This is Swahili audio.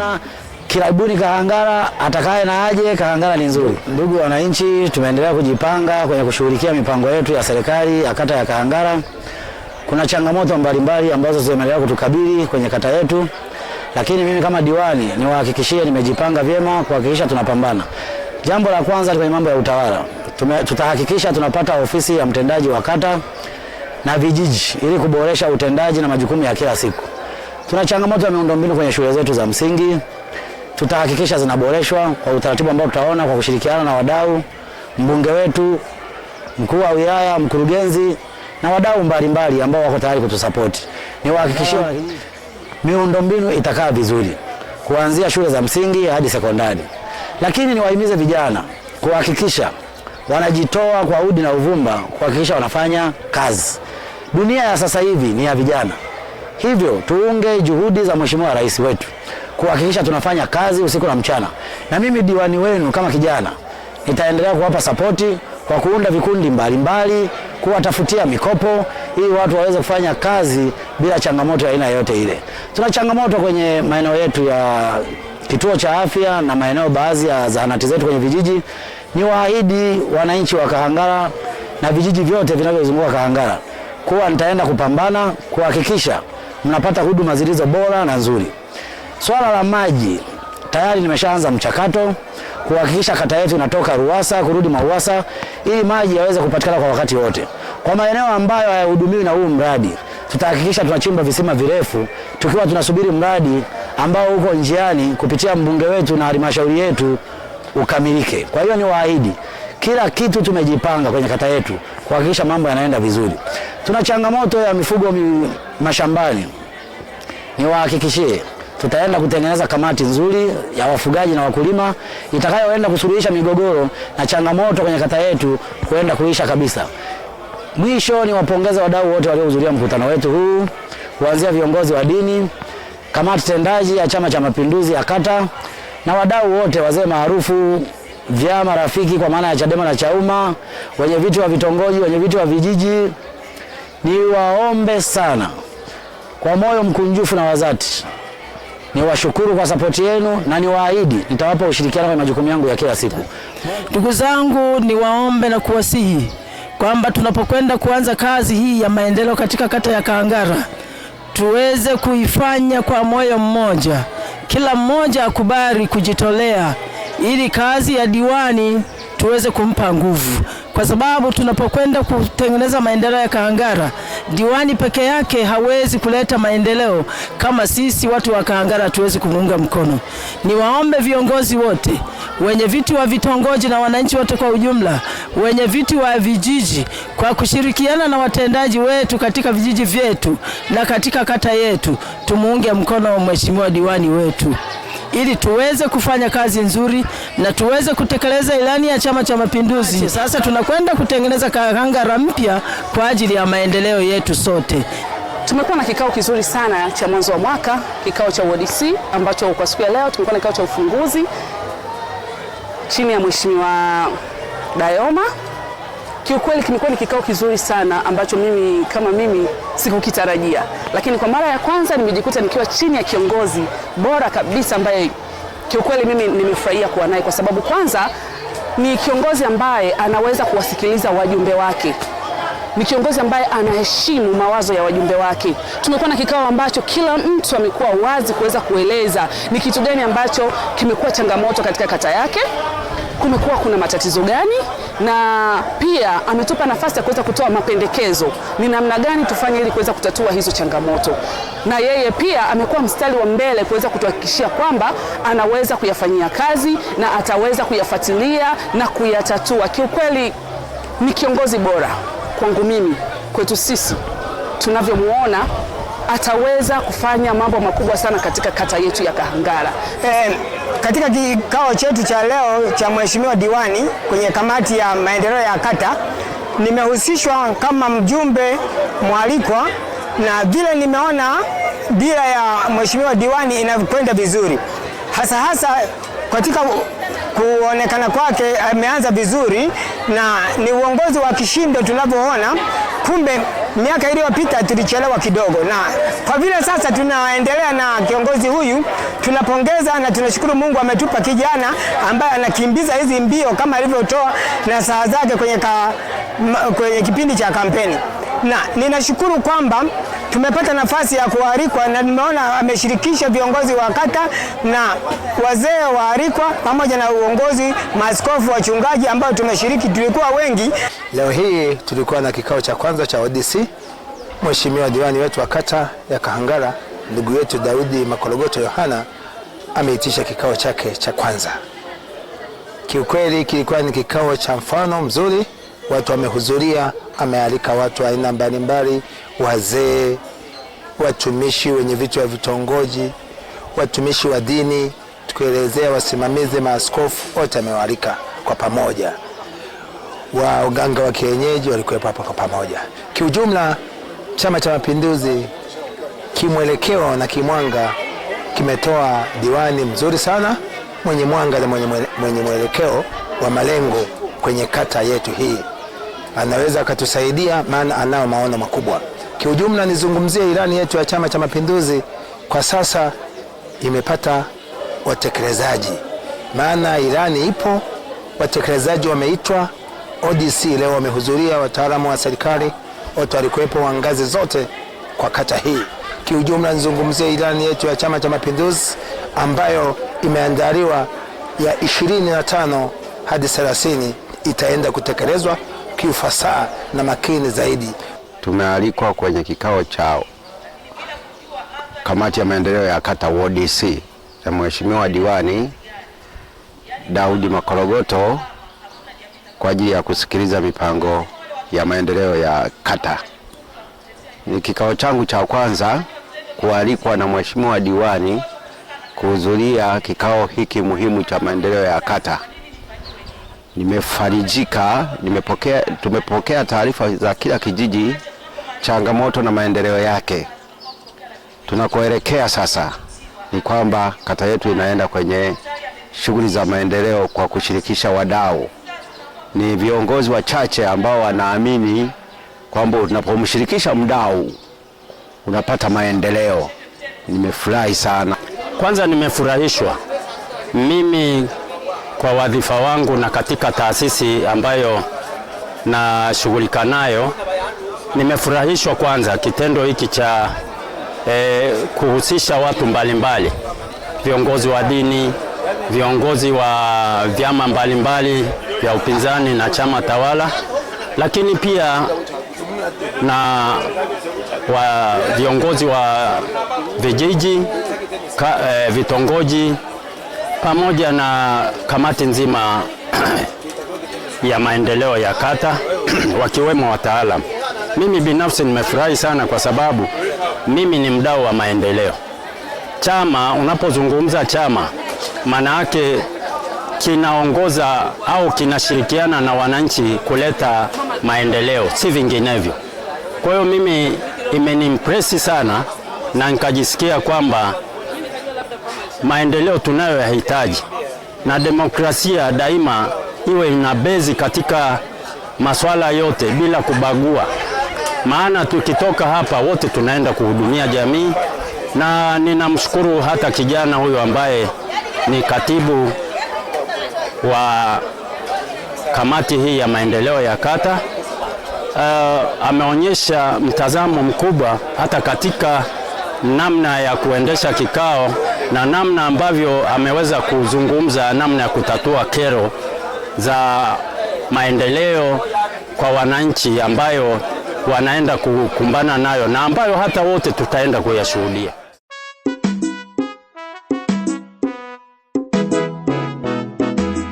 sana Kilabuni Kahangara, atakaye na aje. Kahangara ni nzuri. Ndugu wananchi, tumeendelea kujipanga kwenye kushughulikia mipango yetu ya serikali ya kata ya Kahangara. Kuna changamoto mbalimbali ambazo zimeendelea kutukabili kwenye kata yetu, lakini mimi kama diwani niwahakikishie, nimejipanga vyema kuhakikisha tunapambana. Jambo la kwanza kwenye mambo ya utawala, Tume, tutahakikisha tunapata ofisi ya mtendaji wa kata na vijiji ili kuboresha utendaji na majukumu ya kila siku. Tuna changamoto ya miundombinu kwenye shule zetu za msingi, tutahakikisha zinaboreshwa kwa utaratibu ambao tutaona kwa kushirikiana na wadau, mbunge wetu, mkuu wa wilaya, mkurugenzi na wadau mbalimbali ambao wako tayari kutusapoti. Niwahakikishie miundombinu itakaa vizuri kuanzia shule za msingi hadi sekondari, lakini niwahimize vijana kuhakikisha wanajitoa kwa udi na uvumba kuhakikisha wanafanya kazi. Dunia ya sasa hivi ni ya vijana. Hivyo tuunge juhudi za Mheshimiwa Rais wetu kuhakikisha tunafanya kazi usiku na mchana, na mimi diwani wenu kama kijana nitaendelea kuwapa sapoti kwa kuunda vikundi mbalimbali, kuwatafutia mikopo ili watu waweze kufanya kazi bila changamoto ya aina yoyote ile. Tuna changamoto kwenye maeneo yetu ya kituo cha afya na maeneo baadhi ya zahanati zetu kwenye vijiji. Ni waahidi wananchi wa Kahangara na vijiji vyote vinavyozunguka Kahangara kuwa nitaenda kupambana kuhakikisha mnapata huduma zilizo bora na nzuri. Swala la maji tayari nimeshaanza mchakato kuhakikisha kata yetu inatoka RUWASA kurudi MARUWASA ili maji yaweze kupatikana kwa wakati wote. Kwa maeneo ambayo hayahudumiwi na huu mradi, tutahakikisha tunachimba visima virefu tukiwa tunasubiri mradi ambao uko njiani kupitia mbunge wetu na halmashauri yetu ukamilike. Kwa hiyo ni waahidi kila kitu tumejipanga kwenye kata yetu kuhakikisha mambo yanaenda vizuri. Tuna changamoto ya mifugo mi, mashambani. Niwahakikishie tutaenda kutengeneza kamati nzuri ya wafugaji na wakulima itakayoenda kusuluhisha migogoro na changamoto kwenye kata yetu kuenda kuisha kabisa. Mwisho ni wapongeze wadau wote waliohudhuria mkutano wetu huu kuanzia viongozi wa dini, kamati tendaji ya Chama cha Mapinduzi ya kata na wadau wote, wazee maarufu vyama rafiki kwa maana ya Chadema na Chauma, wenye viti wa vitongoji, wenye viti wa vijiji, niwaombe sana kwa moyo mkunjufu na wazati, niwashukuru kwa sapoti yenu na niwaahidi nitawapa ushirikiano kwenye majukumu yangu ya kila siku. Ndugu zangu, niwaombe na kuwasihi kwamba tunapokwenda kuanza kazi hii ya maendeleo katika kata ya Kahangara tuweze kuifanya kwa moyo mmoja, kila mmoja akubali kujitolea ili kazi ya diwani tuweze kumpa nguvu, kwa sababu tunapokwenda kutengeneza maendeleo ya Kahangara, diwani peke yake hawezi kuleta maendeleo kama sisi watu wa Kahangara hatuwezi kumuunga mkono. Niwaombe viongozi wote, wenye viti wa vitongoji na wananchi wote kwa ujumla, wenye viti wa vijiji, kwa kushirikiana na watendaji wetu katika vijiji vyetu na katika kata yetu, tumuunge mkono mheshimiwa diwani wetu ili tuweze kufanya kazi nzuri na tuweze kutekeleza ilani ya Chama cha Mapinduzi. Sasa tunakwenda kutengeneza kangara mpya kwa ajili ya maendeleo yetu sote. Tumekuwa na kikao kizuri sana cha mwanzo wa mwaka, kikao cha WDC ambacho kwa siku ya leo tumekuwa na kikao cha ufunguzi chini ya Mheshimiwa Dayoma. Kiukweli kimekuwa ni kikao kizuri sana ambacho mimi kama mimi sikukitarajia, lakini kwa mara ya kwanza nimejikuta nikiwa chini ya kiongozi bora kabisa ambaye kiukweli mimi nimefurahia kuwa naye, kwa sababu kwanza ni kiongozi ambaye anaweza kuwasikiliza wajumbe wake ni kiongozi ambaye anaheshimu mawazo ya wajumbe wake. Tumekuwa na kikao ambacho kila mtu amekuwa wazi kuweza kueleza ni kitu gani ambacho kimekuwa changamoto katika kata yake, kumekuwa kuna matatizo gani, na pia ametupa nafasi ya kuweza kutoa mapendekezo ni namna gani tufanye ili kuweza kutatua hizo changamoto, na yeye pia amekuwa mstari wa mbele kuweza kutuhakikishia kwamba anaweza kuyafanyia kazi na ataweza kuyafuatilia na kuyatatua. Kiukweli ni kiongozi bora kwangu mimi, kwetu sisi tunavyomuona ataweza kufanya mambo makubwa sana katika kata yetu ya Kahangara. Eh, katika kikao chetu cha leo cha mheshimiwa diwani kwenye kamati ya maendeleo ya kata, nimehusishwa kama mjumbe mwalikwa, na vile nimeona dira ya mheshimiwa diwani inakwenda vizuri, hasa hasa katika kuonekana kwake ameanza vizuri, na ni uongozi wa kishindo tunavyoona kumbe miaka iliyopita tulichelewa kidogo, na kwa vile sasa tunaendelea na kiongozi huyu, tunapongeza na tunashukuru Mungu ametupa kijana ambaye anakimbiza hizi mbio kama alivyotoa na saa zake kwenye, ka, kwenye kipindi cha kampeni, na ninashukuru kwamba tumepata nafasi ya kualikwa na nimeona ameshirikisha viongozi wa kata na wazee waalikwa pamoja na uongozi, maaskofu, wachungaji ambao tumeshiriki, tulikuwa wengi. Leo hii tulikuwa na kikao cha kwanza cha ODC. Mheshimiwa diwani wetu wa kata ya Kahangara ndugu yetu Daudi Makologoto Yohana ameitisha kikao chake cha kwanza. Kiukweli kilikuwa ni kikao cha mfano mzuri, watu wamehudhuria amealika watu aina mbalimbali, wazee, watumishi, wenye vitu vya vitongoji, watumishi wa dini, tukielezea wasimamizi, maaskofu, wote amewalika kwa pamoja, waganga wa kienyeji walikuwepo hapo kwa pamoja. Kiujumla, Chama cha Mapinduzi kimwelekeo na kimwanga kimetoa diwani mzuri sana mwenye mwanga na mwenye mwelekeo wa malengo kwenye kata yetu hii anaweza akatusaidia, maana anao maono makubwa. Kiujumla, nizungumzie ilani yetu ya Chama cha Mapinduzi kwa sasa imepata watekelezaji, maana ilani ipo, watekelezaji wameitwa, ODC leo wamehudhuria, wataalamu wa serikali wote walikuwepo wa ngazi zote kwa kata hii. Kiujumla, nizungumzie ilani yetu ya Chama cha Mapinduzi ambayo imeandaliwa ya 25 hadi 30 itaenda kutekelezwa kiufasaha na makini zaidi. Tumealikwa kwenye kikao cha kamati ya maendeleo ya kata ward C ya Mheshimiwa Diwani Daudi Makorogoto kwa ajili ya kusikiliza mipango ya maendeleo ya kata. Ni kikao changu cha kwanza kualikwa na Mheshimiwa Diwani kuhudhuria kikao hiki muhimu cha maendeleo ya kata. Nimefarijika, nimepokea, tumepokea taarifa za kila kijiji, changamoto na maendeleo yake. Tunakoelekea sasa ni kwamba kata yetu inaenda kwenye shughuli za maendeleo kwa kushirikisha wadau. Ni viongozi wachache ambao wanaamini kwamba unapomshirikisha mdau unapata maendeleo. Nimefurahi sana. Kwanza nimefurahishwa mimi kwa wadhifa wangu na katika taasisi ambayo nashughulika nayo, nimefurahishwa kwanza kitendo hiki cha e, kuhusisha watu mbalimbali mbali. Viongozi wa dini, viongozi wa vyama mbalimbali mbali, vya upinzani na chama tawala, lakini pia na wa viongozi wa vijiji ka, e, vitongoji pamoja na kamati nzima ya maendeleo ya kata wakiwemo wataalamu. Mimi binafsi nimefurahi sana kwa sababu mimi ni mdau wa maendeleo. Chama, unapozungumza chama, maana yake kinaongoza au kinashirikiana na wananchi kuleta maendeleo, si vinginevyo. Kwa hiyo mimi imenimpresi sana na nikajisikia kwamba maendeleo tunayoyahitaji, na demokrasia daima iwe ina bezi katika masuala yote bila kubagua, maana tukitoka hapa wote tunaenda kuhudumia jamii. Na ninamshukuru hata kijana huyu ambaye ni katibu wa kamati hii ya maendeleo ya kata. Uh, ameonyesha mtazamo mkubwa hata katika namna ya kuendesha kikao na namna ambavyo ameweza kuzungumza namna ya kutatua kero za maendeleo kwa wananchi ambayo wanaenda kukumbana nayo na ambayo hata wote tutaenda kuyashuhudia.